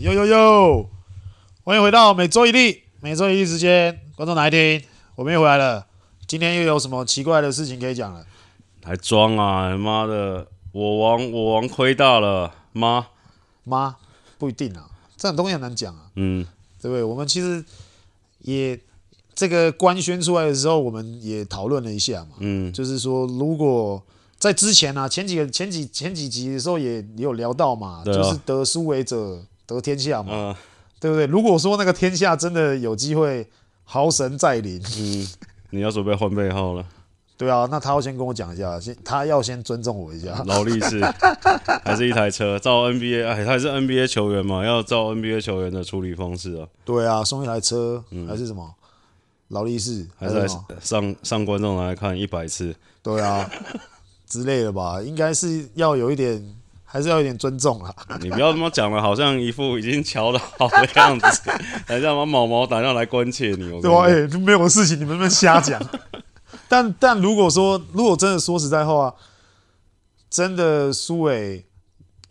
呦呦呦，歡迎回到每周一例，每周一例時間，觀眾來聽，我們又回來了。今天又有什麼奇怪的事情可以講了？還裝啊，媽的！我王我王虧大了，媽媽不一定啊，這種東西很難講啊。嗯，對不對？我們其實也這個官宣出來的時候，我們也討論了一下嘛。嗯，就是說如果在之前啊，前幾個前幾前幾集的時候也有聊到嘛，啊、就是得書緯者，得天下嘛，呃，對不對？如果說那個天下真的有機會，豪神再臨，嗯，你要準備換背號了。 對啊，那他要先跟我講一下，先他要先尊重我一下。勞力士 還是一台車，照 NBA，哎，他還是 NBA 球員嘛，要照 NBA 球員的處理方式啊。對啊，送一台車還是什麼，嗯，勞力士，還是，還是來上上觀眾來看一百次，對啊， 之類的吧，應該是要有一點。還是要有點尊重啊！你不要這麼講了， 好像一副已經瞧得好的樣子。 還是要把毛毛打電話來關切你。對、欸、沒有事情，你們不能瞎講。 但但如果說，如果真的說實在話，真的書緯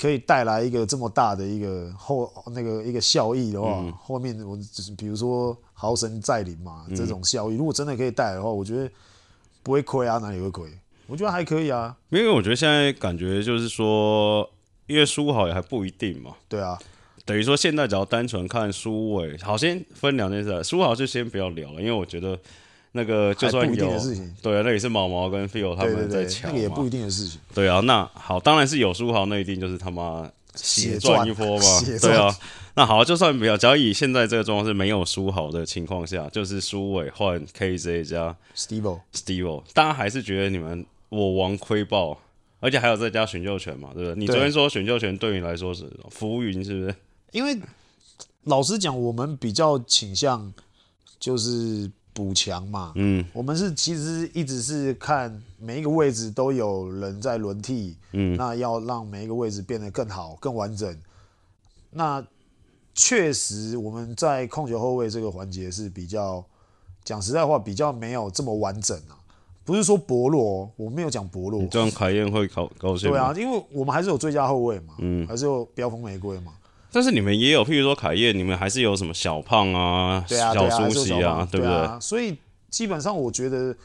可以帶來一個這麼大的一個後那個一個效益的話，嗯、後面我就是比如說豪神再臨嘛，這種效益，嗯、如果真的可以帶的話，我覺得不會虧啊，哪裡會虧？我覺得還可以啊，因為我覺得現在感覺就是說，因為書豪也還不一定嘛，對啊，等於說現在只要單純看書緯，好，先分兩件事，書豪就先不要聊了，因為我覺得那個就算有不，對啊，那也是毛毛跟 Phil 他們對對對在搶那個也不一定的事情，對啊，那好，當然是有書豪，那一定就是他媽血賺一波吧，對啊，那好，就算不要，只要以現在這個狀況是沒有書豪的情況下，就是書緯換 KJ 加 Steveo，Steveo，大家還是覺得你們。我王虧爆，而且還有再加選秀權嘛，對不對？對，你昨天說選秀權對你來說是浮雲，是不是？因為老實講，我們比較傾向就是補強嘛。嗯，我們是其實一直是看每一個位置都有人在輪替。嗯，那要讓每一個位置變得更好、更完整。那確實，我們在控球後衛這個環節是比較講實在話，比較沒有這麼完整啊。不是說薄弱，我沒有講薄弱。你這樣凱燕會高高興？對啊，因為我們還是有最佳後衛嘛，嗯，還是有飆風玫瑰嘛。但是你們也有，譬如說凱燕，你們還是有什麼小胖啊，啊小蘇西啊，啊，小啊，啊，對不對？所以基本上我覺得，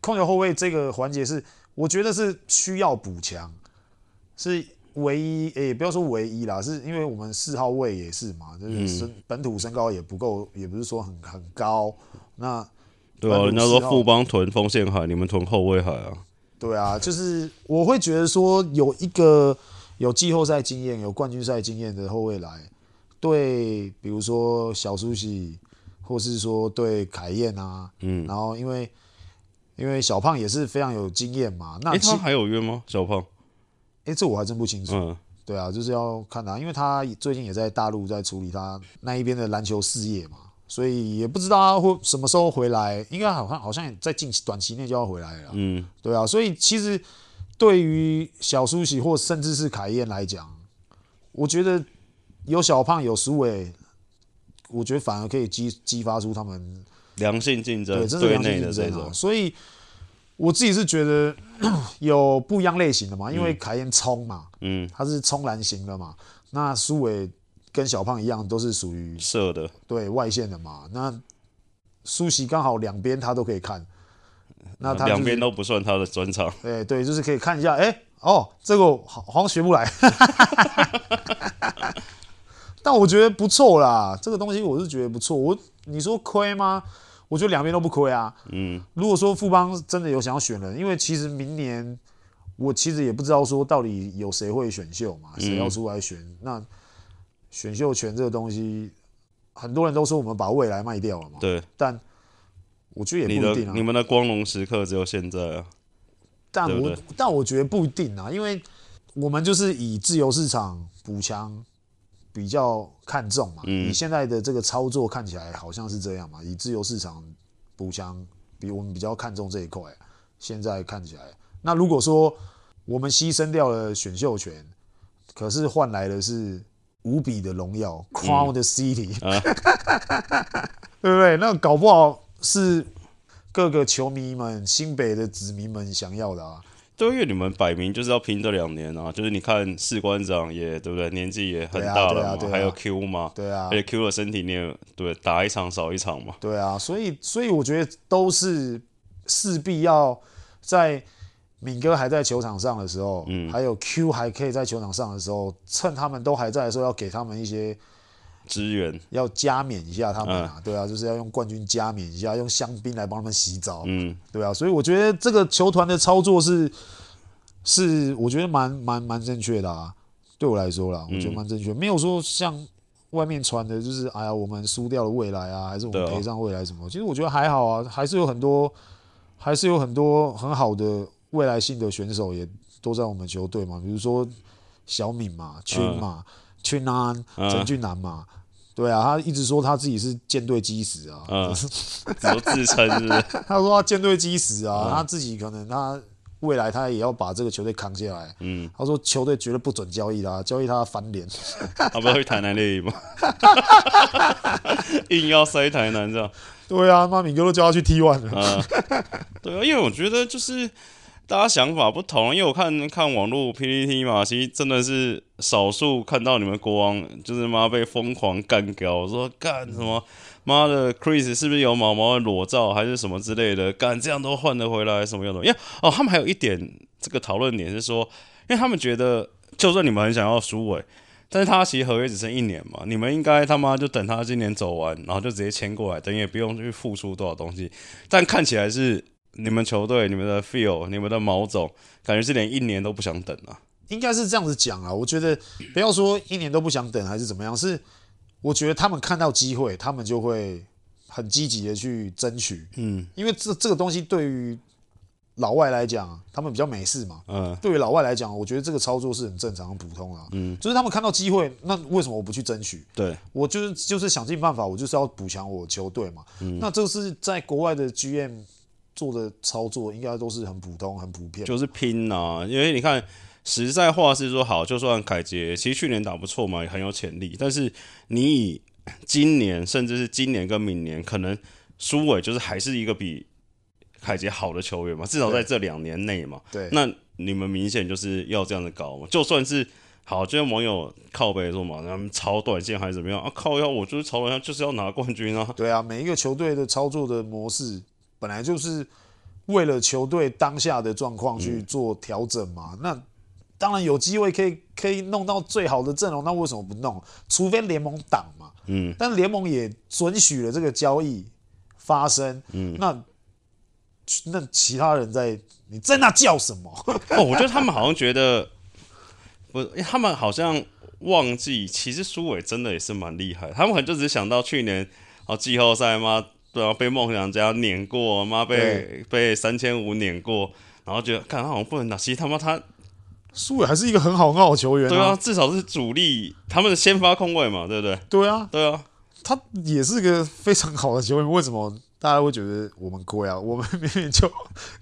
控球後衛這個環節是，我覺得是需要補強，是唯一誒、欸，不要說唯一啦，是因為我們四號位也是嘛，就是身本土身高也不夠，也不是說很很高，那。對啊，人家說富邦囤鋒線海，你們囤後衛海啊。對啊，就是我會覺得說，有一個有季後賽經驗、有冠軍賽經驗的後衛來，對，比如說小蘇西，或是說對凱燕啊，嗯，然後因為因為小胖也是非常有經驗嘛，那其、欸、他還有約嗎？小胖？誒，這我還真不清楚。嗯、對啊，就是要看他、啊，因為他最近也在大陸在處理他那一邊的籃球事業嘛。所以也不知道他會什麼時候回來，應該好像好像也在近期短期內就要回來了。嗯，對啊，所以其實對於小蘇喜或甚至是凱燕來講，我覺得有小胖有蘇偉，我覺得反而可以激激發出他們良性競爭、對、真的良性競爭啊、對內的這種。所以我自己是覺得 有不一樣類型的嘛，因為凱燕衝嘛，嗯，他是衝籃型的嘛，嗯、那蘇偉。跟小胖一樣，都是屬於射的，對外線的嘛。那蘇西剛好兩邊他都可以看，那他兩、就、邊、是啊、都不算他的專長。對對，就是可以看一下，哎、欸，哦、喔，這個好好像學不來， 但我覺得不錯啦。這個東西我是覺得不錯，我你說虧嗎？我覺得兩邊都不虧啊。嗯，如果說富邦真的有想要選人，因為其實明年我其實也不知道說到底有誰會選秀嘛，誰要出來選、嗯、那。選秀權這個東西，很多人都說我們把未來賣掉了嘛。對。但我覺得也不一定啊。你的，你們的光榮時刻只有現在啊。但我，對不對？但我覺得不一定啊，因為我們就是以自由市場補強比較看重嘛。你、嗯、現在的這個操作看起來好像是這樣嘛，以自由市場補強比我們比較看重這一塊。現在看起來，那如果說我們犧牲掉了選秀權，可是換來的是。無比的榮耀，Crown 的 City，、嗯啊、 對不對？那個，搞不好是各個球迷們、新北的子民們想要的啊。對，因為你們擺明就是要拼這兩年啊。就是你看士官長也對不對，年紀也很大了嘛對，啊對啊對啊，還有 Q 嘛，對啊，而且 Q 的身體你也對，打一場少一場嘛。對啊，所以所以我覺得都是勢必要在。敏哥還在球場上的時候，嗯，還有 Q 還可以在球場上的時候，趁他們都還在的時候，要給他們一些支援，嗯，要加冕一下他們啊，啊，對啊，就是要用冠軍加冕一下，用香檳來幫他們洗澡，嗯，對啊，所以我覺得這個球團的操作是是，我覺得蠻蠻蠻正確的啊，對我來說啦，我覺得蠻正確，沒有說像外面傳的，就是哎呀，我們輸掉了未來啊，還是我們賠上未來什麼，哦，其實我覺得還好啊，還是有很多，還是有很多很好的。未來性的選手也都在我們球隊嘛，比如說小敏嘛，呃、群嘛，群安，啊，陳、呃、俊南嘛，對啊，他一直說他自己是建隊基石啊，怎麼自稱是，稱是不是 他說他建隊基石啊，呃，他自己可能他未來他也要把這個球隊扛下來。嗯，他說球隊絕對不准交易他，交易他翻臉。他不會台南隊嗎？ 硬要塞台南這樣？對啊，那敏哥都叫他去 T1 了，呃。對啊，因為我覺得就是。大家想法不同，因為我看看網絡 PTT 嘛，其實真的是少數看到你們國王就是媽被瘋狂幹掉，我說幹什麼媽的 Chris 是不是有毛毛的裸照還是什麼之類的，幹這樣都換得回來什麼樣的？因為哦，他們還有一點這個討論點是說，因為他們覺得就算你們很想要書緯、欸，但是他其實合約只剩一年嘛，你們應該他媽就等他今年走完，然後就直接簽過來，等於也不用去付出多少東西，但看起來是。你們球隊、你們的 feel、你們的毛總，感覺是連一年都不想等啊！應該是這樣子講啊，我覺得不要說一年都不想等，還是怎麼樣？是我覺得他們看到機會，他們就會很積極的去爭取。嗯，因為這這個東西對於老外來講，他們比較美式嘛。嗯，對於老外來講，我覺得這個操作是很正常、很普通的啊。嗯，就是他們看到機會，那為什麼我不去爭取？對，我就是就是想盡辦法，我就是要補強我球隊嘛。嗯，那這是在國外的 GM。做的操作應該都是很普通、很普遍，就是拼吶、啊。因為你看，實在話是說，好，就算凱杰其實去年打不錯嘛，也很有潛力。但是你以今年，甚至是今年跟明年，可能蘇偉就是還是一個比凱杰好的球員嘛，至少在這兩年內嘛。對。那你們明顯就是要這樣子搞嘛，就算是好，就像網友靠北說嘛，他們炒短線還是怎麼樣啊？靠要我就是炒短線就是要拿冠軍啊。對啊，每一個球隊的操作的模式。本來就是為了球隊當下的狀況去做調整嘛，嗯、那當然有機會可以可以弄到最好的陣容，那為什麼不弄？除非聯盟擋嘛，嗯，但聯盟也准許了這個交易發生，嗯，那，那那其他人在你在那叫什麼？哦，我覺得他們好像覺得， 不是，他們好像忘記，其實書緯真的也是蠻厲害，他們可能就只想到去年啊、哦，季後賽嘛。對啊，被夢想家碾過，媽被被三千五碾過，然後覺得，看他好像不能打，其實他媽他蘇偉還是一個很好很好球員啊，對啊，至少是主力，他們的先發控衛嘛，對不對？對啊，對啊，他也是個非常好的球員，為什麼大家會覺得我們虧啊？我們明明就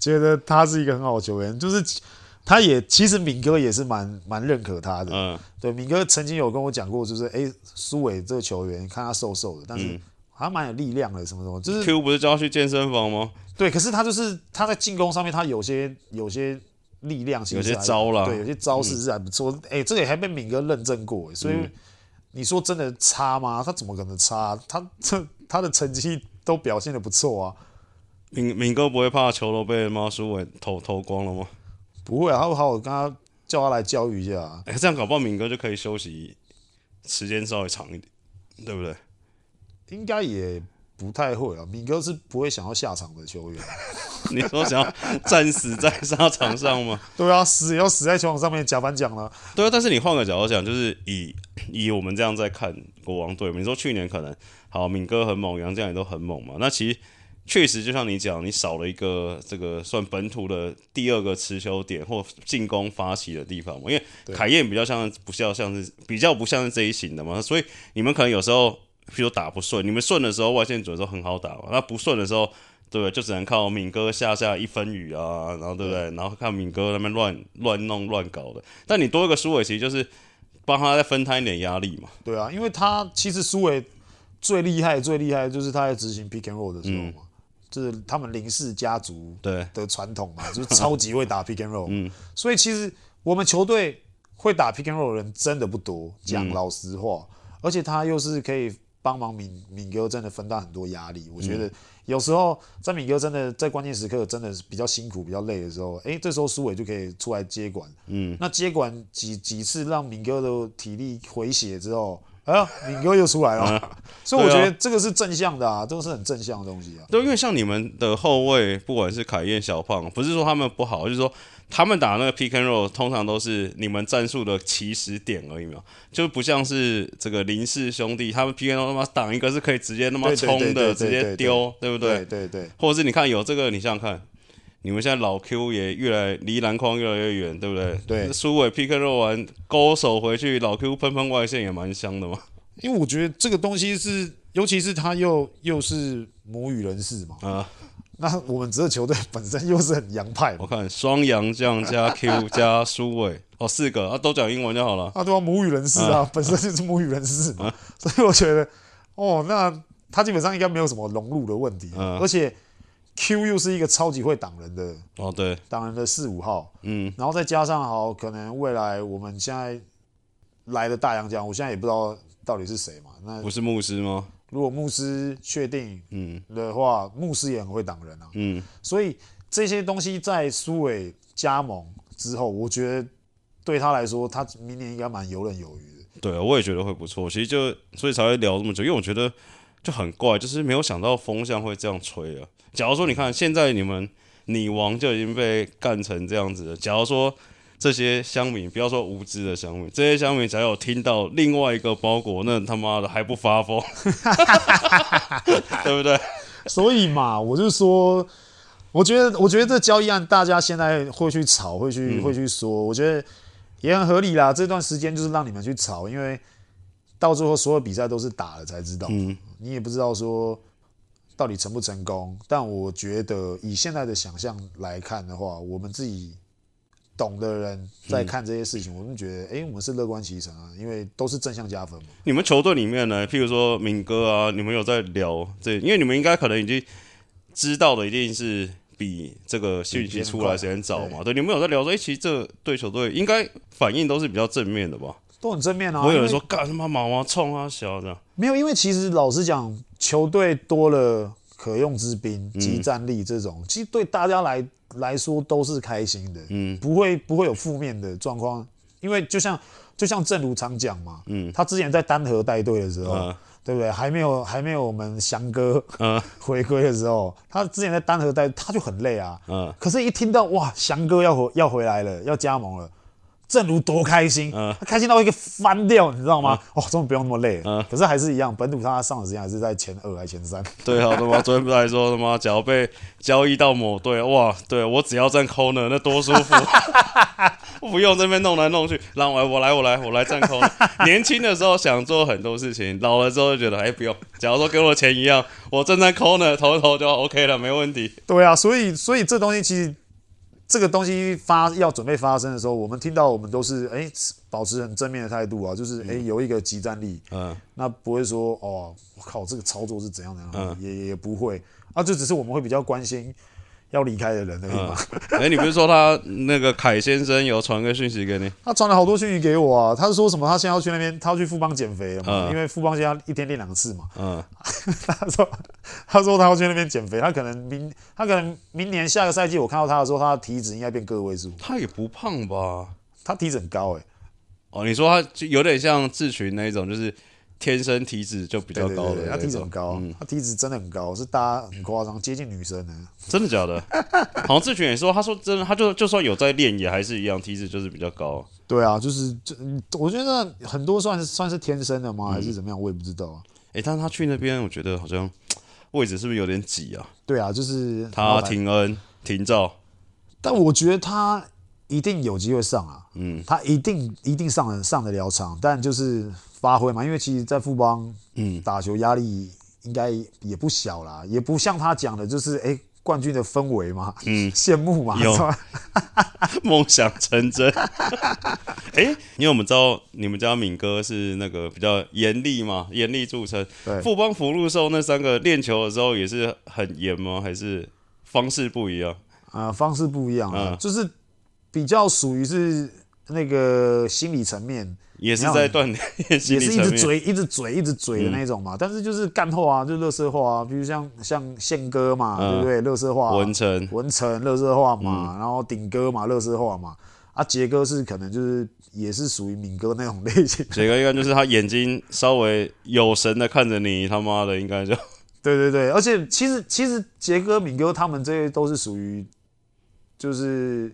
覺得他是一個很好的球員，就是他也其實敏哥也是蠻蠻認可他的，嗯，對，敏哥曾經有跟我講過，就是哎，蘇偉這個球員，看他瘦瘦的，但是。嗯還蠻有力量的，什麼什麼，就是 Q 不是叫他去健身房嗎？對，可是他就是他在進攻上面，他有些有些力量型，有些招了，對，有些招式是還不錯。哎、嗯欸，這個也還被敏哥認證過，所以、嗯、你說真的差嗎？他怎麼可能差？他這他的成績都表現的不錯啊。敏敏哥不會怕球都被貓叔偷偷光了嗎？不會啊，他好我跟他叫他來教育一下、啊，哎、欸，這樣搞不好敏哥就可以休息時間稍微長一點，對不對？應該也不太會啊，敏哥是不會想要下場的球員啊。 你說想要戰死在沙場上嗎？ 對啊，死也要死在球場上面，加班獎了。對啊，但是你換個角度講，就是以以我們這樣在看國王隊，你說去年可能好，敏哥很猛，楊這樣也都很猛嘛。那其實確實就像你講，你少了一個這個算本土的第二個持球點或進攻發起的地方嘛。因為凱燕比較像不像像是比較不像是這一型的嘛，所以你們可能有時候。譬如打不順，你們順的時候外線準的很好打，那不順的時候，對，就只能靠敏哥下下一分雨啊，然後對不對？對然後看敏哥那邊亂亂弄亂搞的。但你多一個書緯，其實就是幫他再分攤一點壓力嘛。對啊，因為他其實書緯最厲害、最厲害就是他在執行 pick and roll 的時候嘛、嗯，就是他們林氏家族的傳統嘛，就是超級會打 pick and roll。嗯。所以其實我們球隊會打 pick and roll 的人真的不多，講老實話、嗯，而且他又是可以。幫忙敏敏哥真的分擔很多壓力，我覺得有時候在敏哥真的在關鍵時刻真的比較辛苦，比較累的時候，哎、欸，這時候蘇偉就可以出來接管，嗯，那接管幾幾次讓敏哥的體力回血之後，呀、啊，敏哥又出來了、啊，所以我覺得這個是正向的啊，這個、啊、是很正向的東西啊。對，因為像你們的後衛，不管是凱燕、小胖，不是說他們不好，就是說。他們打那個 pick and roll，通常都是你們戰術的起始點而已嘛，就不像是這個林氏兄弟，他們 pick and roll 那麼擋一個是可以直接那麼衝的，直接丟，對不對？對對，對。對對對對對對對，或者是你看有這個，你想想看，你們現在老 Q 也越來越離籃筐越來越遠，對不對？對。蘇偉 pick and roll 完勾手回去，老 Q 噴噴外線也蠻香的嘛。因為我覺得這個東西是，尤其是他又又是母語人士嘛。啊。那我們這個球隊本身又是很洋派，我看雙洋將加 Q 加書緯哦，四個啊，都講英文就好了啊，對啊，母語人士啊、嗯，本身就是母語人士、嗯、所以我覺得哦，那他基本上應該沒有什麼融入的問題，嗯、而且 Q 又是一個超級會擋人的哦，對，擋人的四五號，嗯，然後再加上好，可能未來我們現在來的大洋將，我現在也不知道到底是誰嘛，那不是牧師嗎？如果牧師確定嗯的話嗯，牧師也很會擋人啊，嗯，所以這些東西在書緯加盟之後，我覺得對他來說，他明年應該蠻游刃有餘的。對啊，我也覺得會不錯。其實就所以才會聊這麼久，因為我覺得就很怪，就是沒有想到風向會這樣吹啊。假如說你看現在你們國王就已經被幹成這樣子了，假如說。這些鄉民，不要說無知的鄉民，這些鄉民才有聽到另外一個包裹，那他媽的還不發瘋，對不對？所以嘛，我就說，我覺得，我覺得這交易案大家現在會去炒、會去、嗯、會去說，我覺得也很合理啦。這段時間就是讓你們去炒，因為到最後所有比賽都是打了才知道，嗯，你也不知道說到底成不成功。但我覺得以現在的想象來看的話，我們自己。懂的人在看這些事情，嗯、我們覺得，哎、欸，我們是樂觀其成啊，因為都是正向加分嘛。你們球隊裡面呢，譬如說敏哥啊，你們有在聊這？因為你們應該可能已經知道的，一定是比這個訊息出來時間早嘛對。對，你們有在聊說，哎、欸，其實這對球隊應該反應都是比較正面的吧？都很正面啊。我有說幹什麼毛啊，衝啊，小的。沒有，因為其實老實講，球隊多了。可用之兵、即戰力這種、嗯，其實對大家來來說都是開心的，嗯，不會不會有負面的狀況，因為就像就像正如常講嘛，嗯，他之前在單核帶隊的時候、嗯，對不對？還沒有還沒有我們翔哥，回歸的時候、嗯，他之前在單核帶他就很累啊，嗯，可是，一聽到哇，翔哥要回要回來了，要加盟了。正如多開心，他開心到一個翻掉，你知道嗎？嗯、哦，終於不用那麼累。嗯，可是還是一樣，本土上他上的時間還是在前二還前三。對啊，對吧 昨天不還說了嗎，假如被交易到某隊，哇，對，我只要站 corner，那多舒服， 我不用這邊弄來弄去，讓我來，我來，我來，我來站 corner。年輕的時候想做很多事情，老了之後就覺得，哎、欸，不用，假如說跟我錢一樣，我站在 corner，投一投就 OK 了，沒問題。對啊，所以所以這東西其實。這個東西發要準備發生的時候，我們聽到我們都是哎、欸，保持很正面的態度啊，就是哎、欸、有一個即戰力，嗯，那不會說哦，我靠，這個操作是怎樣怎樣的，嗯、也也不會啊，這只是我們會比較關心。要離開的人嗎？哎、嗯欸，你不是說他那個凱先生有傳個訊息給你？ 他傳了好多訊息給我啊。他說什麼？他現在要去那邊，他要去富邦減肥了嘛，嗯？因為富邦現在一天練兩次嘛。嗯， 他說，他說他要去那邊減肥，他可能明，他可能明年下個賽季，我看到他的時候，他的體脂應該變個位數。他也不胖吧？他體脂很高哎，欸。哦，你說他就有點像志群那一種，就是。天生體脂就比較高的那種，對對對對，他體脂很高、啊，嗯、他體脂真的很高，是大家很誇張，接近女生的、啊，真的假的？ 好像志炫也說，他說真的，他就就算有在練，也還是一樣，體脂就是比較高、啊。對啊，就是就我覺得很多算是算是天生的嗎？還是怎麼樣？我也不知道哎、啊嗯欸，但是他去那邊，我覺得好像位置是不是有點擠啊？對啊，就是他停恩、停照，但我覺得他一定有機會上啊，嗯，他一定一定上得上得了場，但就是。發揮嘛，因為其實，在富邦，嗯，打球壓力應該也不小啦，嗯、也不像他講的，就是哎、欸，冠軍的氛圍嘛，嗯，羨慕嘛，有夢想成真。哎、 欸，因為我們知道你們家敏哥是那個比較嚴厲嘛，嚴厲著稱。對，富邦福祿壽那三個練球的時候也是很嚴嗎？還是方式不一樣？啊、呃，方式不一樣啊、呃呃，就是比較屬於是。那個心理層面也是在鍛鍊，也是也是一直嘴一直嘴一直嘴的那種嘛。嗯、但是就是幹話啊，就垃圾話啊，比如像像憲哥嘛、嗯，對不對？垃圾話文成文成垃圾話嘛、嗯，然後頂哥嘛，垃圾話嘛。啊，傑哥是可能就是也是屬於敏哥那種類型。傑哥應該就是他眼睛稍微有神的看着你， 他媽的應該就對對對。而且其實其實傑哥、敏哥他們這些都是屬於就是。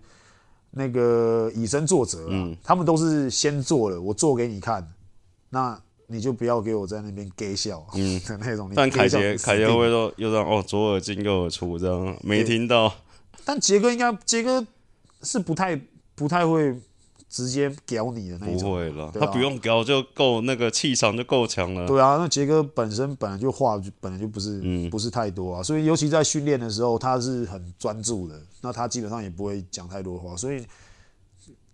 那個以身作則、啊嗯，他們都是先做了，我做給你看，那你就不要給我在那邊 gay 笑的、嗯、 那種。但凱杰，凱杰會說又讓哦，左耳進右耳出這樣沒聽到、欸。但杰哥應該，杰哥是不太不太會。直接屌你的那一種，不會了，他不用屌就夠那個氣場就夠強了。對啊，那傑哥本身本來就話本來就不是、嗯、不是太多啊，所以尤其在訓練的時候，他是很專注的，那他基本上也不會講太多話，所以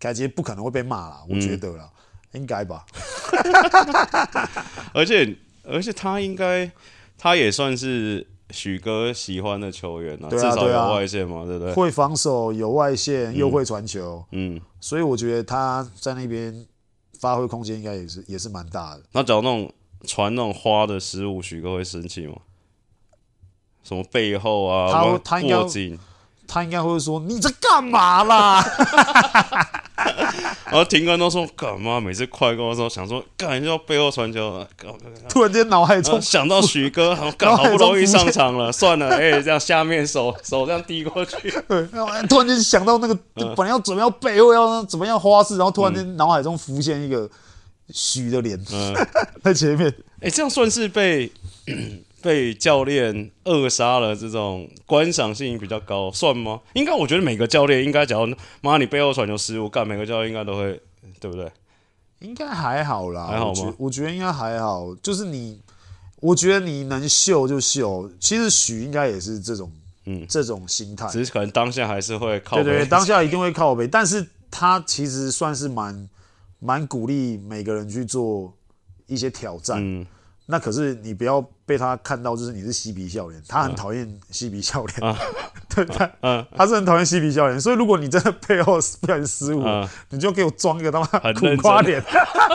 凱傑不可能會被罵啦，我覺得啦、嗯，應該吧。 而且而且他應該他也算是。許哥喜歡的球員呢、啊？對啊，至少有外線嘛對、啊，對不對？會防守，有外線，嗯、又會傳球，嗯，所以我覺得他在那邊發揮空間應該也是也是蠻大的。那只要那種傳那種花的失誤，許哥會生氣嗎？什麼背後啊，他什麼過肩，他應該會，會說：“你在幹嘛啦？” 然後聽哥都說幹嘛？每次快攻的時候，想說幹，要背後傳球，啊。突然間腦海中、啊、想到許哥，好剛好不容易上場了，算了，哎、欸，這樣下面手 手這樣遞過去。對，突然間想到那個 本來要怎麼樣背後要怎麼樣花式，然後突然間腦海中浮現一個許的臉、嗯、在前面、欸。哎，這樣算是被。被教練扼殺了，這種觀賞性比較高，算嗎？應該我覺得每個教練應該，只要媽你背後傳球失誤，幹每個教練應該都會，對不對？應該還好啦，還好嗎？我覺得,我覺得應該還好，就是你，我覺得你能秀就秀。其實許應該也是這種，嗯，這種心態，只是可能當下還是會靠北，對,對，當下一定會靠北。 但是他其實算是蠻蠻鼓勵每個人去做一些挑戰。嗯那可是你不要被他看到，就是你是嬉皮笑臉，他很討厭嬉皮笑臉，對他，嗯 他，他是很討厭嬉皮笑臉，所以如果你真的背後不小心失誤，嗯、你就給我裝一個他媽苦瓜臉，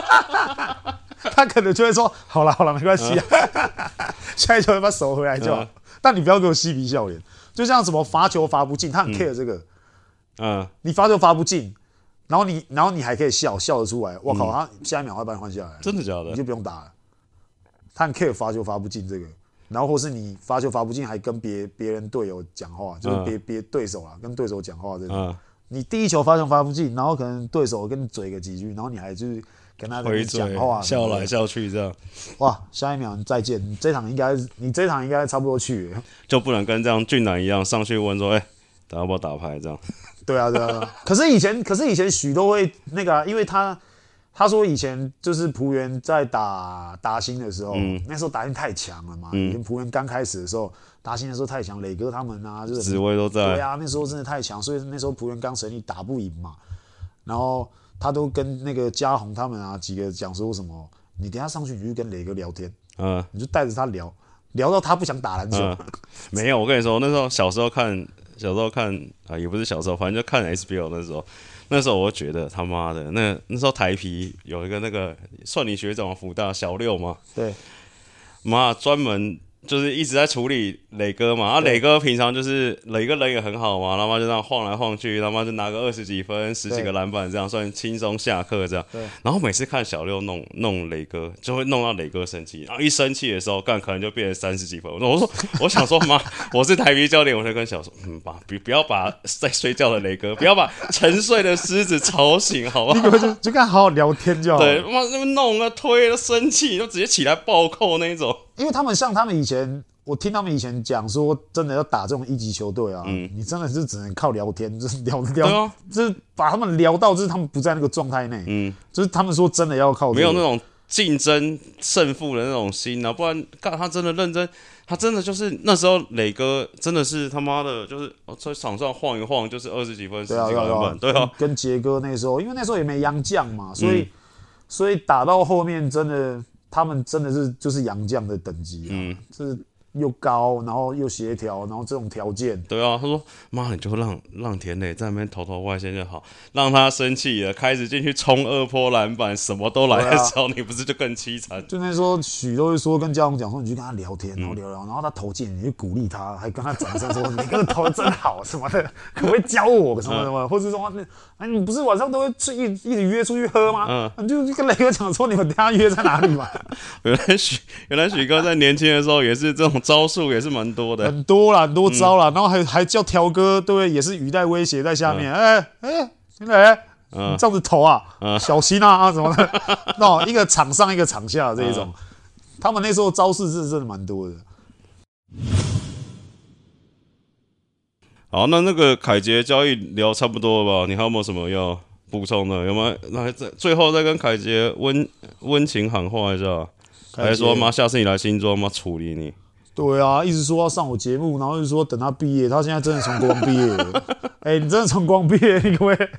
他可能就會說好了好了沒關係，嗯、 下一球你把手回來就好，嗯、但你不要給我嬉皮笑臉，就像什麼罰球罰不進，他很 care 這個，嗯，你罰球罰不進，然後你然後你還可以笑，笑得出來，我靠，他下一秒會把你換下來，真的假的？你就不用打了。他很 care 罰球罰不進這個，然後或是你罰球罰不進，還跟別別人隊友講話，就是別別、嗯、對手啊，跟對手講話這種、個嗯。你第一球罰球罰不進，然後可能對手跟你嘴個幾句，然後你還就是跟他講話，笑來笑去這樣。哇，下一秒你再見，你這場應該你這場應該差不多去。就不能跟這樣俊男一樣上去問說，哎、欸，要不要打牌這樣？對啊對啊，對啊 可。可是以前可是以前許多位那個、啊，因為他。他說以前就是璞園在打達欣的時候，嗯、那時候達欣太強了嘛。因、嗯、為璞園剛開始的時候，達欣的時候太強，壘哥他們啊，就是紫薇都在。對啊，那時候真的太強，所以那時候璞園剛成立打不贏嘛。然後他都跟那個嘉宏他們啊幾個講說什麼，你等下上去你就跟壘哥聊天，嗯，你就帶着他聊聊到他不想打籃球、嗯 。沒有，我跟你說，那時候小時候看，小時候看啊，也不是小時候，反正就看 SBL 那時候。那時候我就覺得他媽的，那那時候台啤有一個那個算你學長輔大小六嘛，對，媽專門。就是一直在處理磊哥嘛，然後磊哥平常就是磊哥人也很好嘛，然後就這樣晃來晃去，他媽就拿個二十幾分、十幾個籃板這樣，算輕鬆下課這樣。對。然後每次看小六弄弄磊哥，就會弄到磊哥生氣，然後一生氣的時候幹可能就變成三十幾分。我說，我說，我想說，媽， 我是台啤教練，我就跟小說，嗯，爸，比，不要把在睡覺的磊哥，不要把沉睡的獅子吵醒， 好吧？你可不要說，就跟他好好聊天就好。對，那麼弄了推了生氣，就直接起來暴扣那一種。因為他們像他們以前，我聽他們以前講說，真的要打這種一級球隊啊、嗯，你真的是只能靠聊天，就是聊聊，啊、就是把他們聊到就是他們不在那個狀態內，嗯，就是他們說真的要靠沒有那種競爭勝負的那種心啊，不然幹，他真的認真，他真的就是那時候磊哥真的是他媽的，就是在場上晃一晃就是二十幾分十幾籃板，對啊，跟杰哥那時候，因為那時候也沒洋將嘛，所以、嗯、所以打到後面真的。他們真的是就是洋將的等級啊、嗯，這是。又高，然後又協調，然後這種條件。對啊，他說媽，你就讓讓田磊在那邊投投外線就好，讓他生氣了，開始進去衝二波籃板，什麼都來的時候、啊，你不是就更淒慘？就那時候許都會說跟嘉宏講說，你去跟他聊天，然後聊聊，然後他投進，你就鼓勵他，還跟他講說、嗯、你跟他投的真好 什麼的，可不可以教我什麼什麼、嗯，或者是說那哎、啊、你不是晚上都會去一一直約出去喝嗎？嗯、你就跟雷哥講說你們等下約在哪裡嘛？嗯、 原來許原來許哥在年輕的時候也是這種。招數也是蠻多的、欸，很多啦，很多招啦，嗯、然後還還叫條哥，對不對？也是語帶威脅在下面，哎、嗯、哎、欸欸，嗯，這樣子投啊，嗯、小心啊，啊什麼的，那、 哦、一個場上一個場下這一種，嗯、他們那時候招式是真的蠻多的。好，那那個 KJ 交易聊差不多了吧？你還有沒有什麼要補充的？有沒有？那再最後再跟 KJ 溫溫情喊話一下，還說嘛？下次你來新莊嘛，處理你。對啊，一直說要上我節目，然後就說等他畢業。他現在真的從國王畢業了。哎、 欸，你真的從國王畢業，你可不可以？Okay.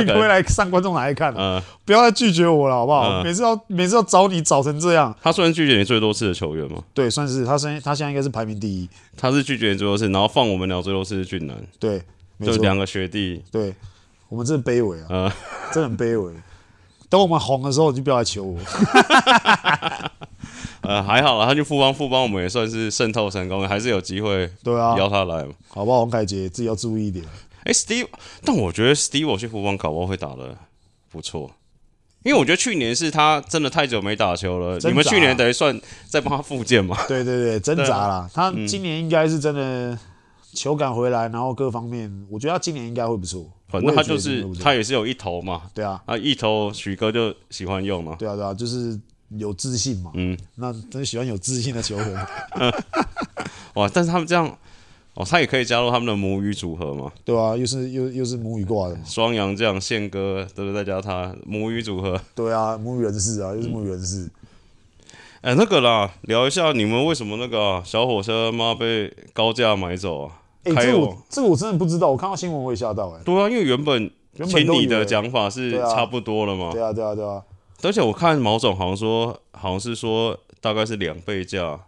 你可不可以來上觀眾哪愛看、啊？Uh, 不要再拒絕我了，好不好？Uh, 每次要每次要找你找成這樣。Uh, 他算是拒絕你最多次的球員嗎？對，算是。他算他現在應該是排名第一。他是拒絕你最多次，然後放我們聊最多次的俊男。對，就兩個學弟。對，我們真的卑微啊。Uh, 真的很卑微。等我們紅的時候，你就不要來求我。 呃，還好啦，他去富邦富邦，我們也算是滲透成功，還是有機會。對啊，邀他來不好，王凱傑自己要注意一點。哎、欸、，Steve，但我覺得 Steve 去富邦，搞不好會打得不錯，因為我覺得去年是他真的太久沒打球了。啊、你們去年等於算在幫他復健嘛？對對對，掙扎啦、嗯。他今年應該是真的球感回來，然後各方面，我覺得他今年應該會不錯。反正他就是也他也是有一頭嘛，對啊，那一頭許哥就喜歡用嘛，對啊對啊，就是。有自信嘛？嗯，那真喜歡有自信的球員、嗯、哇！但是他們這樣，哦，他也可以加入他們的母語組合嘛？對啊，又是又又是母語掛的，雙陽這樣憲哥都是在加他母語組合。對啊，母語人士啊，又是母語人士。哎、嗯欸，那個啦，聊一下你們為什麼那個、啊、小火車媽被高價買走啊？哎、欸，這個這個我真的不知道，我看到新聞會嚇到哎、欸。對啊，因為原本聽你的講法是差不多了嘛？對啊，對啊，對啊。對啊而且我看毛總好像說，好像是說大概是兩倍價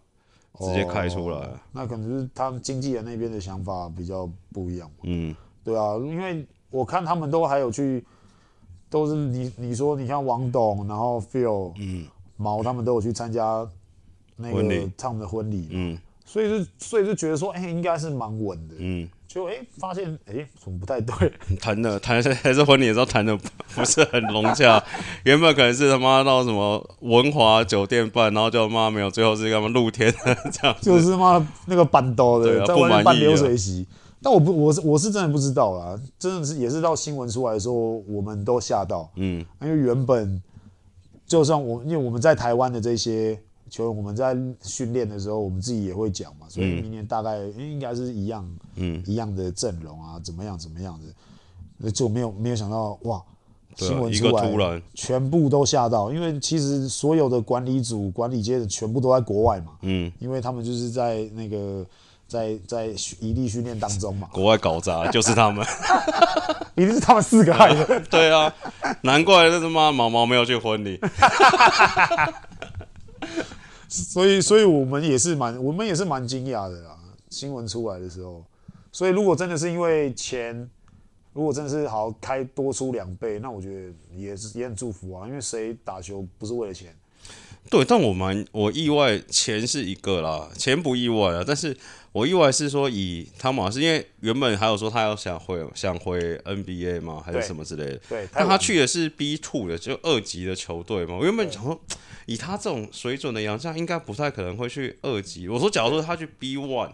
直接開出來，oh, oh, oh, 那可能是他們經紀人那邊的想法比較不一樣。嗯，對啊，因為我看他們都還有去，都是你你說，你像王董，然後 Phil，嗯，毛他們都有去參加那個他們的婚禮，嗯，所以就所以就覺得說，哎、欸，應該是蠻穩的，嗯。就哎、欸，發現哎，怎、欸、麼不太對？談的談還是婚禮的時候談的不是很融洽， 原本可能是他媽到什麼文華酒店辦，然後就媽沒有，最後是一個什麼露天的這樣，就是媽那個辦桌的、啊、在滿意，辦流水席。但我不，我是我是真的不知道啦，真的是也是到新聞出來的時候，我們都嚇到，嗯，因為原本就算我，因為我們在台灣的這些。所以我們在訓練的時候，我們自己也會講嘛，所以明年大概、嗯、應該是一樣、嗯、一樣的陣容啊，怎麼樣怎麼樣的。就沒有沒有想到哇，啊、新聞出來一個突然，全部都嚇到，因為其實所有的管理組、管理階的全部都在國外嘛，嗯，因為他們就是在那個在在移地訓練當中嘛，國外搞砸就是他們， 一定是他們四個啊， 對啊，對啊 難怪那他媽毛毛沒有去婚禮。 所以，所以我們也是蠻，我們也是蠻驚訝的啦，新聞出來的時候。所以如果真的是因為錢，如果真的是好開多出兩倍，那我覺得也是也很祝福啊。因為誰打球不是為了錢？對，但我蠻我意外，錢是一個啦，錢不意外啊。但是我意外是說以湯瑪斯，因為原本還有說他要想回想回 NBA 嘛，還是什麼之類的，對對，但他去的是 B two 的，就二級的球隊嘛，我原本想說。以他這種水準的洋將，應該不太可能會去二級。我說，假如說他去 B one，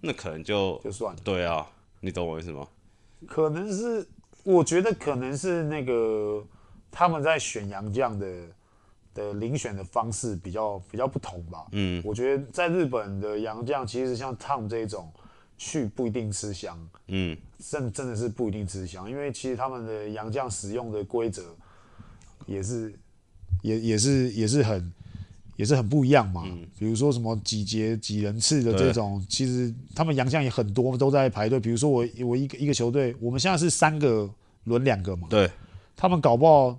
那可能就就算了。對啊，你懂我意思嗎？可能是，我覺得可能是那個他們在選洋將的的遴選的方式比較比較不同吧。嗯，我覺得在日本的洋將，其實像 Tom 這種去不一定吃香，嗯，真真的是不一定吃香，因為其實他們的洋將使用的規則也是。也也是也是很也是很不一樣嘛，嗯、比如說什麼幾節幾人次的這種，其實他們洋將也很多都在排隊。比如說我我一個一個球隊，我們現在是三個輪兩個嘛，對。他們搞不好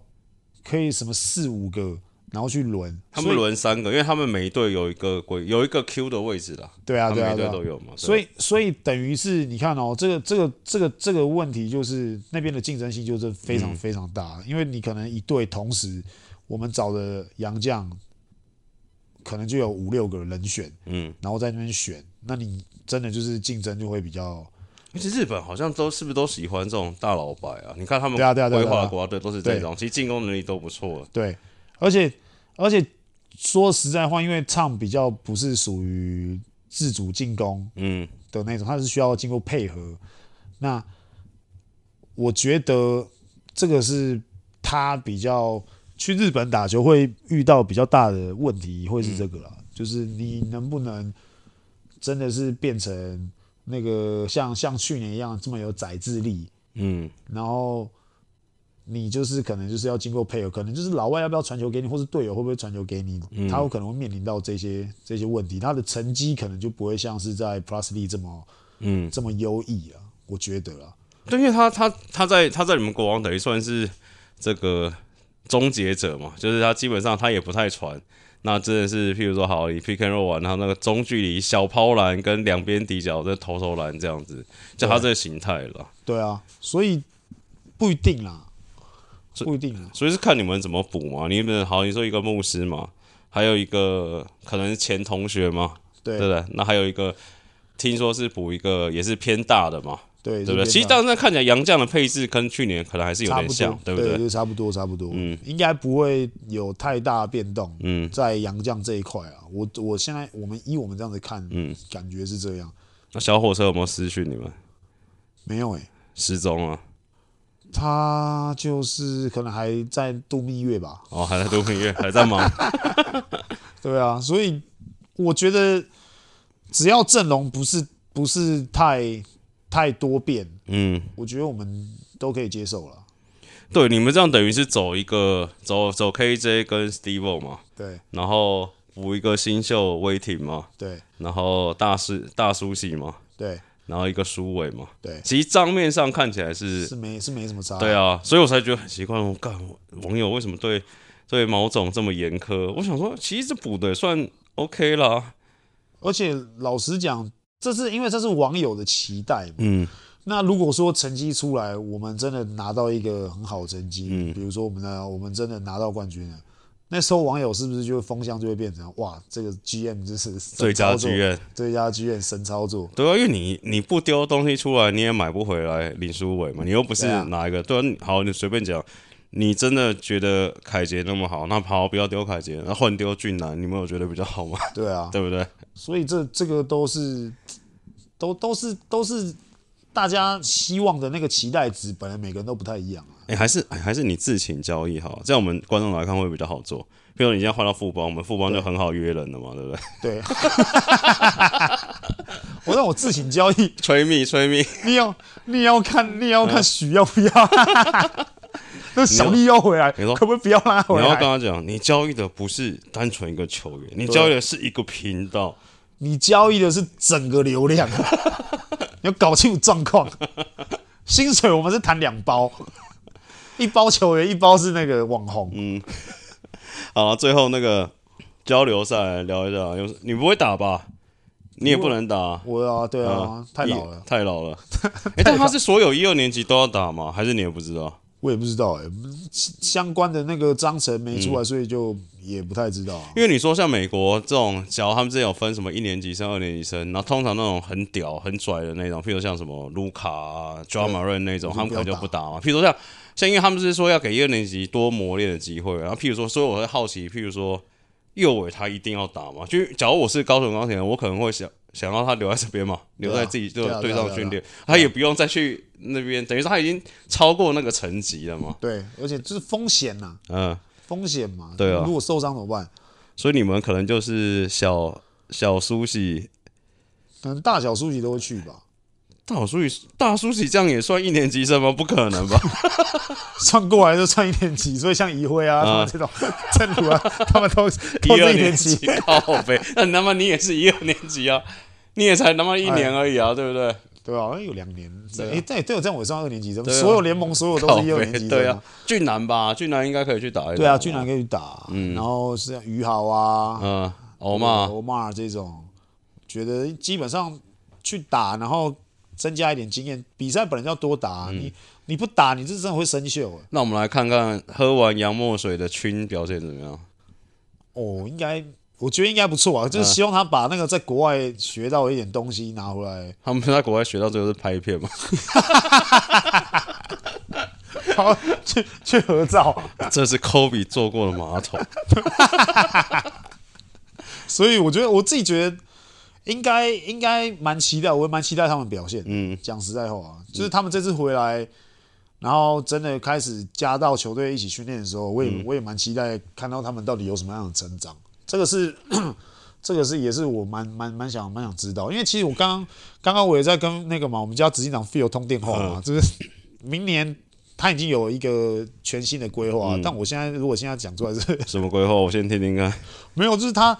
可以什麼四五個，然後去輪。他們輪三個，因為他們每一隊有一個有一個 Q 的位置啦。對啊，對啊，對啊，對啊，對啊，對嘛。所以所以等於是你看哦、喔，這個這個這個這個問題就是那邊的競爭性就是非常非常大，嗯、因為你可能一隊同時。我們找的洋將可能就有五六個人選，嗯，然後在那邊選，那你真的就是競爭就會比較。而且日本好像都是不是都喜歡這種大老板啊？你看他們規劃國家隊都是這種，對啊、對啊、對啊、對啊、對，其實進攻能力都不錯。對，而且而且說實在話，因為唱比較不是屬於自主進攻，嗯的那種、嗯，他是需要進入配合。那我覺得這個是他比較。去日本打球會遇到比較大的問題，會是這個啦，嗯、就是你能不能真的是變成那個像像去年一樣這麼有宰制力？嗯，然後你就是可能就是要經過配合，可能就是老外要不要傳球給你，或是隊友會不會傳球給你，嗯、他有可能會面臨到這些這些問題，他的成績可能就不會像是在 P. League 這麼嗯這麼優異啊，我覺得啊，對，因為他他他在他在你們國王等於算是這個。終結者嘛，就是他基本上他也不太傳，那真的是，譬如說好，你 pick and roll 完，然後那個中距離小拋籃跟兩邊底角的投投籃這樣子，就他這個形態了。對啊，所以不一定啦，不一定啦，所，所以是看你們怎麼補嘛。你們好，你說一個牧師嘛，還有一個可能是前同學嘛，對對、啊，那還有一個聽說是補一個也是偏大的嘛。對對對？其實，當是看起來洋將的配置跟去年可能還是有點像，對不對？對，差不多差不多。嗯，應該不會有太大變動。嗯，在洋將這一塊啊，我我現在我們以我們這樣子看，嗯，感覺是這樣。那小火車有沒有私訊你們？沒有誒、欸，失蹤了。他就是可能還在度蜜月吧。哦，還在度蜜月， 還在嗎忙？ 對啊，所以我覺得只要陣容不是不是太。太多變，嗯，我覺得我們都可以接受了。對，你們這樣等於是走一個走走 KJ 跟 Steven 嘛，對，然後補一個新秀威霆嘛，對，然後大師大蘇西嘛，對，然後一個蘇偉嘛，對。其實賬面上看起來是是沒是沒什麼差，對啊，所以我才覺得很奇怪，我幹網友為什麼對對毛總這麼嚴苛？我想說，其實這補的算 OK 啦，而且老實講。這是因為這是網友的期待嘛？嗯，那如果說成績出來，我們真的拿到一個很好的成績，嗯，比如說我們的我們真的拿到冠軍了，那時候網友是不是就風向就會變成哇，這個 GM 就是最佳 GM，最佳 GM 神操作。對啊，因為你你不丟東西出來，你也買不回來。林書緯嘛，你又不是哪一個，對啊，好，你隨便講，你真的覺得凱杰那麼好，那好，不要丟凱杰，那換丟俊男，你們有覺得比較好嗎？對啊，對不對？所以這這個都是都都是都是大家希望的那個期待值，本來每個人都不太一樣啊。哎、欸，還是、欸、還是你自行交易哈，這樣我們觀眾來看會比較好做。比如你現在換到富邦，我們富邦就很好約人了嘛，對，對不對？對， 我讓我自行交易，催命催命，你要你要看你要看許要不要。 那小力要回來要，可不可以不要拉回來？你要跟他講，你交易的不是單純一個球員，你交易的是一個頻道，你交易的是整個流量，啊。 你要搞清楚狀況。薪水我們是談兩包，一包球員，一包是那個網紅。嗯，好，最後那個交流賽聊一聊。你不會打吧？你也不能打。我啊，對啊，太老了，太老了。哎、 欸，但他是所有一二年級都要打嗎？還是你也不知道？我也不知道哎、欸，相關的那個章程沒出來，嗯、所以就也不太知道、啊。因為你說像美國這種，假如他們之前有分什麼一年級生、二年級生，然後通常那種很屌、很拽的那種，譬如像什麼盧卡、啊、賈莫蘭那種，他們可能就不打嘛。譬如說像，像因為他們是說要給一二年級多磨練的機會，然後譬如說，所以我會好奇，譬如說右尾他一定要打嘛，就假如我是高雄鋼鐵人，我可能會想。想讓他留在這邊嘛、啊，留在自己隊隊上訓練，他也不用再去那邊、啊，等於說他已經超過那個層級了嘛。對，而且這是風險吶、啊，嗯，風險嘛。對啊，如果受傷怎麼辦？所以你們可能就是小小蘇西，可能大小蘇西都會去吧。大叔乙大叔乙，這樣也算一年級生嗎？不可能吧！上 過來就上一年級，所以像怡輝啊什麼、啊、這種振魯啊，他們都是一二年級，靠北。 那那麼你也是一二年級啊？你也才那麼一年而已啊、哎，對不對？對啊，有兩年。對、啊，對這、啊、樣、欸，我上二年級的、啊啊，所有聯盟所有都是一二年級。對啊，俊男吧，俊男應該可以去打。對啊，俊男可以去打。嗯，然後是於豪啊，嗯，Omar Omar 這種，覺得基本上去打，然後。增加一點經驗，比賽本來就要多打，啊嗯，你你不打，你這真的會生鏽。那我們來看看喝完洋墨水的群表現怎麼樣？哦，應該，我覺得應該不錯啊，嗯、就是希望他把那個在國外學到一點東西拿回來。他們在國外學到最多是拍片嘛， 好去去合照。這是 Kobe 坐過的馬桶， 所以我覺得我自己覺得。應該應該蠻期待，我也蠻期待他們表現。嗯，講實在話啊、嗯，就是他們這次回來，然後真的開始加到球隊一起訓練的時候，我也、嗯、我也蠻期待看到他們到底有什麼樣的成長。這個是， 這個是也是我蠻蠻蠻想蠻想知道。因為其實我剛剛剛剛我也在跟那個嘛，我們家執行長 Phil 通電話嘛，呵呵就是明年他已經有一個全新的規劃、啊嗯，但我現在如果現在講出來是，什麼規劃？我先聽聽看。沒有，就是他。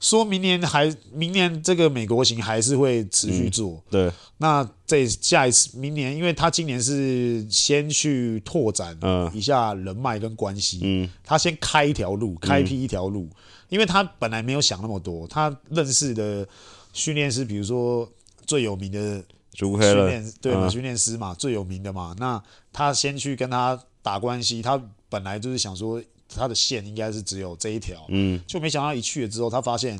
說明年還明年這個美國行還是會持續做，嗯、對。那這下一次明年，因為他今年是先去拓展、嗯、一下人脈跟關係、嗯，他先開一條路，開闢一條路、嗯，因為他本來沒有想那麼多，他認識的訓練師，比如說最有名的訓練，對訓練、嗯、師嘛，最有名的嘛，那他先去跟他打關係，他本來就是想說。他的線應該是只有這一條，嗯，就沒想到一去了之後，他發現，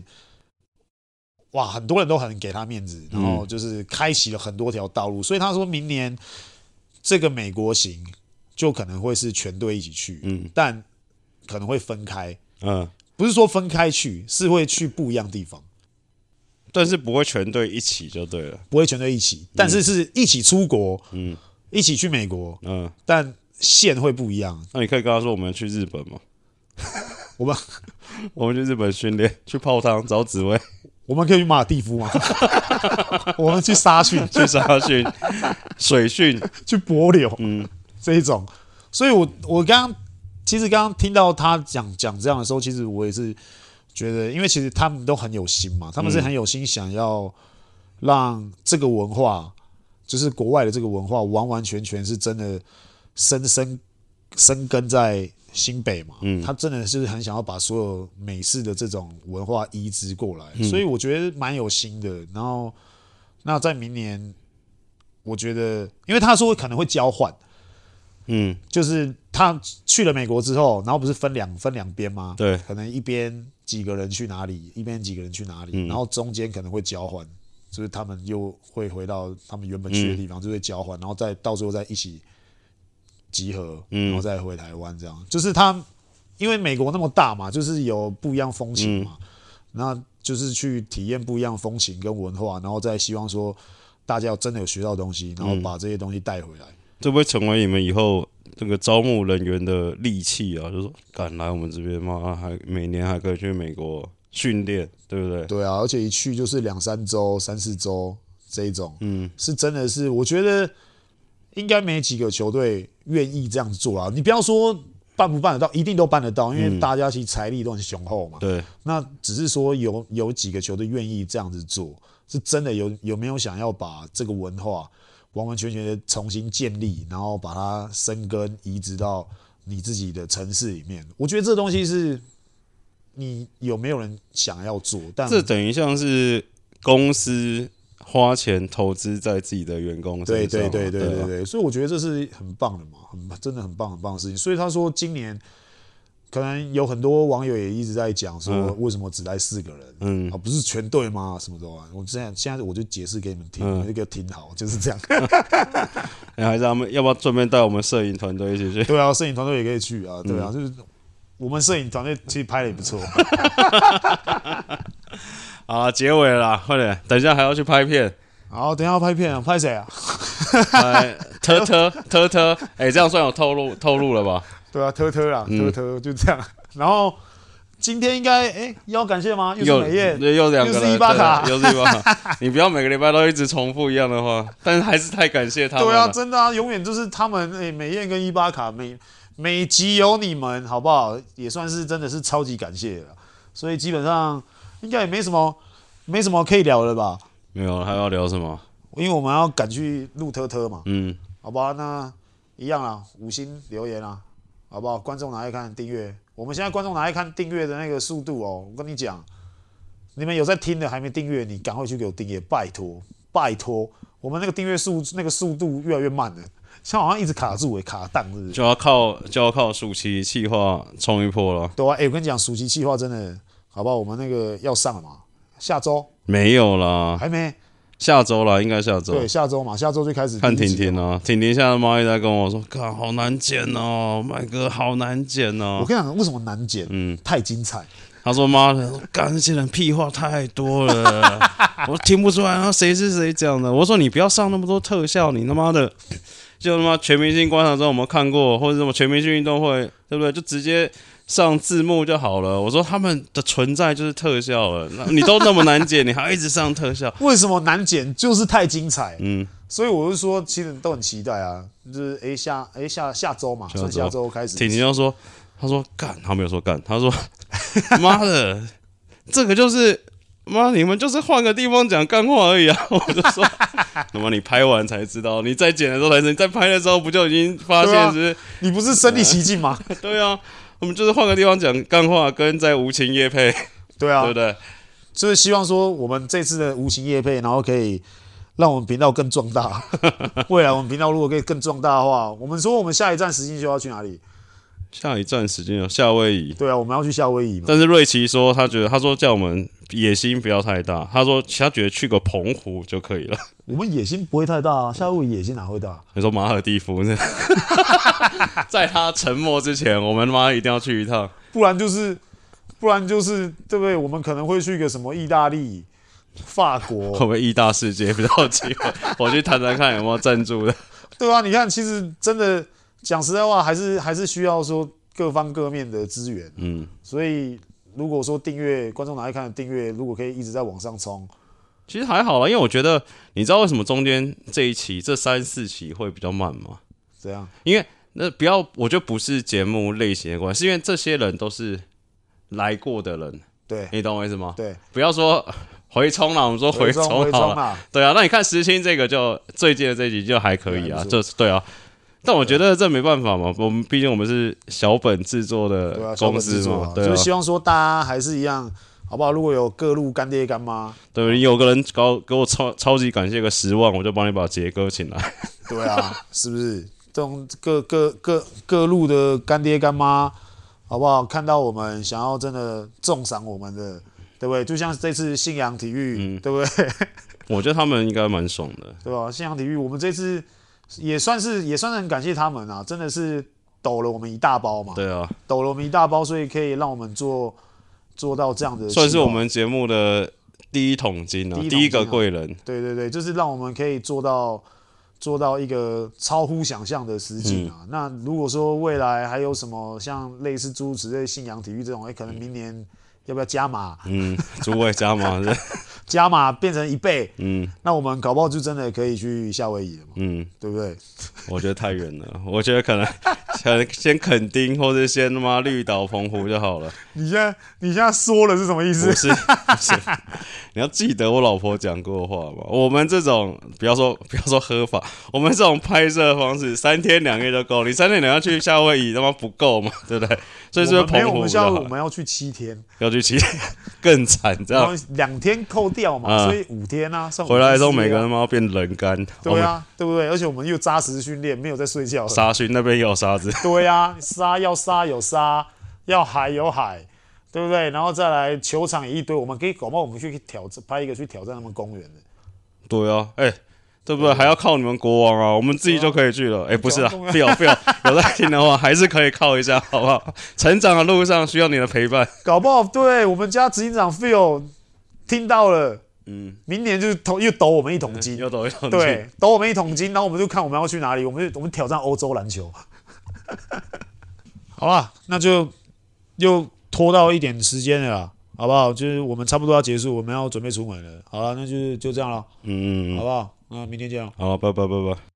哇，很多人都很給他面子，然後就是開啟了很多條道路，所以他說明年這個美國行就可能會是全隊一起去，嗯，但可能會分開，嗯，不是說分開去，是會去不一樣地方，但是不會全隊一起就對了，不會全隊一起，但是是一起出國，嗯，一起去美國，嗯，但。線會不一樣，啊，那你可以跟他說，我們去日本嗎？我們我們去日本訓練，去泡湯找紫薇，我們可以去馬爾地夫嗎？ 我們去沙訓，去沙訓，水訓，去柏柳，嗯，這一種。所以我，我我剛剛其實剛剛聽到他講講這樣的時候，其實我也是覺得，因為其實他們都很有心嘛，他們是很有心想要讓這個文化，就是國外的這個文化，完完全全是真的。深深深耕在新北嘛，他真的是很想要把所有美式的這種文化移植過來，所以我覺得蠻有心的。然後，那在明年，我覺得，因為他說可能會交換，嗯，就是他去了美國之後，然後不是分兩分兩邊嗎？對，可能一邊幾個人去哪裡，一邊幾個人去哪裡，然後中間可能會交換，就是他們又會回到他們原本去的地方，就會交換，然後再到時候再一起集合，然後再回台灣，這樣、嗯、就是他，因為美國那麼大嘛，就是有不一樣風情嘛，嗯、那就是去體驗不一樣的風情跟文化，然後再希望說大家要真的有學到東西，然後把這些東西帶回來，嗯、這不會成為你們以後這個招募人員的利器啊？就是說敢來我們這邊嘛，還每年還可以去美國訓練，對不對？對啊，而且一去就是兩三週、三四週這一種，嗯，是真的是，我覺得應該沒幾個球隊。願意這樣子做啊？你不要說辦不辦得到，一定都辦得到，因為大家其實財力都很雄厚嘛。嗯、對，那只是說有有幾個球隊願意這樣子做，是真的有。有沒有想要把這個文化完完全全的重新建立，然後把它生根移植到你自己的城市裡面？我覺得這東西是你有沒有人想要做，但這等於像是公司。花錢投資在自己的員工身上，對對對對對對，對，所以我覺得這是很棒的嘛，很真的很棒很棒的事情。所以他說今年可能有很多網友也一直在講說為什麼只帶四個人，嗯啊，啊不是全隊嗎？什麼都啊，我現在，現在我就解釋給你們聽，這個挺好，就是這樣。然、嗯 欸、還是他們要不要順便帶我們攝影團隊一起去？對啊，攝影團隊也可以去啊，對啊、嗯、就是。我們攝影團隊其實拍得也不錯。啊，結尾了啦，快點！等一下還要去拍片。好，等一下要拍片，拍誰啊？ 哎特特特特，哎、欸，這樣算有透露透露了吧？ 對啊，特特啊、嗯，特特就這樣。然後今天應該哎、欸、要感謝嗎？又是美燕，又兩個了，又伊巴卡，又是伊巴卡。啊、又是伊巴卡 你不要每個禮拜都一直重複一樣的話，但是還是太感謝他們，對啊，真的啊，永遠就是他們哎、欸，美燕跟伊巴卡每。每集有你們，好不好？也算是真的是超級感謝了，所以基本上應該也沒什麼，沒什麼可以聊了吧？沒有了，還要聊什麼？因為我們要趕去錄特特嘛。嗯，好吧，那一樣啊，五星留言啊，好不好？觀眾哪愛看訂閱，我們現在觀眾哪愛看訂閱的那個速度哦，我跟你講，你們有在聽的還沒訂閱，你趕快去給我訂閱，拜託，拜託，我們那個訂閱速那個速度越來越慢了。像好像一直卡住誒、欸，卡檔是，是。就要靠就要靠暑期企劃衝一波了。對啊，哎、欸，我跟你講，暑期企劃真的，好不好，我們那個要上了嘛，下週。沒有啦，還沒。下週了，應該下週。對，下週嘛，下週就開始看婷婷了、啊。婷婷現在媽一直在跟我說，靠，好難剪哦、喔，麥哥好難剪哦、喔。我跟你講，為什麼難剪？嗯。太精彩。他說：“媽的，幹 那些人屁話太多了， 我聽不出來啊，誰是誰講的？”我說：“你不要上那麼多特效，你他媽的。 ”就他媽全明星觀賞中我們看過，或者什麼全明星運動會，對不對？就直接上字幕就好了。我說他們的存在就是特效了， 你都那麼難剪，你還一直上特效？為什麼難剪？就是太精彩。嗯，所以我就說，其實都很期待啊。就是哎下哎下下週嘛，從下週開始。婷婷要說，他說幹，他沒有說幹，他說媽 的，這個就是。媽，你們就是換個地方講幹話而已啊！我就說，那 麼你拍完才知道，你再剪的時候才你再拍的時候不就已經發現是，是、啊，你不是身臨其境嗎、嗯？對啊，我們就是換個地方講幹話，跟在無情業配，對啊， 對不對？就是希望說，我們這次的無情業配，然後可以讓我們頻道更壯大。 未來我們頻道如果可以更壯大的話，我們說我們下一站時機就要去哪裡？下一站時間有夏威夷。對啊，我們要去夏威夷嘛。但是瑞奇說，他覺得他說叫我們野心不要太大。他說他覺得去個澎湖就可以了。我們野心不會太大啊，夏威夷野心哪會大？你說馬爾蒂夫是不是？ 在他沉沒之前，我們媽一定要去一趟，不然就是不然就是對不對？我們可能會去一個什麼意大利，法國？我們意大世界比較急。我去談談看有沒有贊助的。對啊，你看，其實真的。講實在話，還是還是需要說各方各面的資源。嗯，所以如果說訂閱觀眾拿來看訂閱，如果可以一直在往上衝，其實還好了。因為我覺得，你知道為什麼中間這一期這三四期會比較慢嗎？這樣？因為那不要，我覺得不是節目類型的關係，是因為這些人都是來過的人。對，你懂我意思嗎？對，不要說回衝了，我們說回衝好了，啊。對啊，那你看石青這個就，就最近的這一集就還可以啊，是就是對啊。但我覺得這沒辦法嘛，我們、啊、畢竟我們是小本制作的公司嘛，就、啊啊、希望說大家還是一樣，好不好？如果有各路乾爹乾媽，對，嗯、你有個人給給我超超級感謝個十萬，我就幫你把杰哥請來。對啊， 是不是？這種各各各各路的乾爹乾媽，好不好？看到我們想要真的重賞我們的，對不對？就像這次信仰體育，嗯、對不對？我覺得他們應該蠻爽的，對吧、啊？信仰體育，我們這次。也算是也算是很感謝他們啊，真的是抖了我們一大包嘛。對啊，抖了我們一大包，所以可以讓我們做做到這樣的情，算是我們節目的第一桶金啊。第一，、啊、第一個貴人。對對對，就是讓我們可以做到做到一個超乎想象的事情啊、嗯。那如果說未來還有什麼像類似諸如此類信仰體育這種，哎、欸，可能明年要不要加碼？嗯，諸 位加碼。 加碼變成一倍，嗯，那我們搞不好就真的可以去夏威夷了嘛，嗯，對不對？我覺得太遠了， 我覺得可能。 先先墾丁，或者先他媽綠島澎湖就好了。你現在你現在說的是什麼意思？不是，不是 你要記得我老婆講過的話嗎？我們這種不要說不要說合法，我們這種拍攝方式三天兩夜就夠。你三天兩夜去夏威夷他媽 不夠嘛，對不對？所以說澎湖。下午我們要去七天，要去七天， 更慘這樣。兩天扣掉嘛、嗯，所以五天啊。回來之後每個人他媽變冷乾。對啊，對不對？而且我們又扎實訓練，沒有在睡覺。沙訓那邊也有沙子。 對呀、啊，沙要沙有沙，要海有海，對不對？然後再來球場也一堆，我們可以搞不好我們去挑戰，拍一個去挑戰他們公園的。對啊、欸，對不對？還要靠你們國王啊，我們自己就可以去了。哎、啊欸，不是啊 Phil Phil 有在聽的話，還是可以靠一下，好不好？成長的路上需要你的陪伴。搞不好對我們家執行長 Phil 聽到了，嗯，明年就是投又抖我們一桶金、嗯，又抖一桶金。對，抖我們一桶金，然後我們就看我們要去哪裡，我們就我們挑戰歐洲籃球。 好啦，那就又拖到一點時間了啦，好不好？就是我們差不多要結束，我們要準備出門了。好啦，那就就這樣了，嗯，嗯，好不好？那明天見了，好吧吧吧吧，拜拜，拜拜。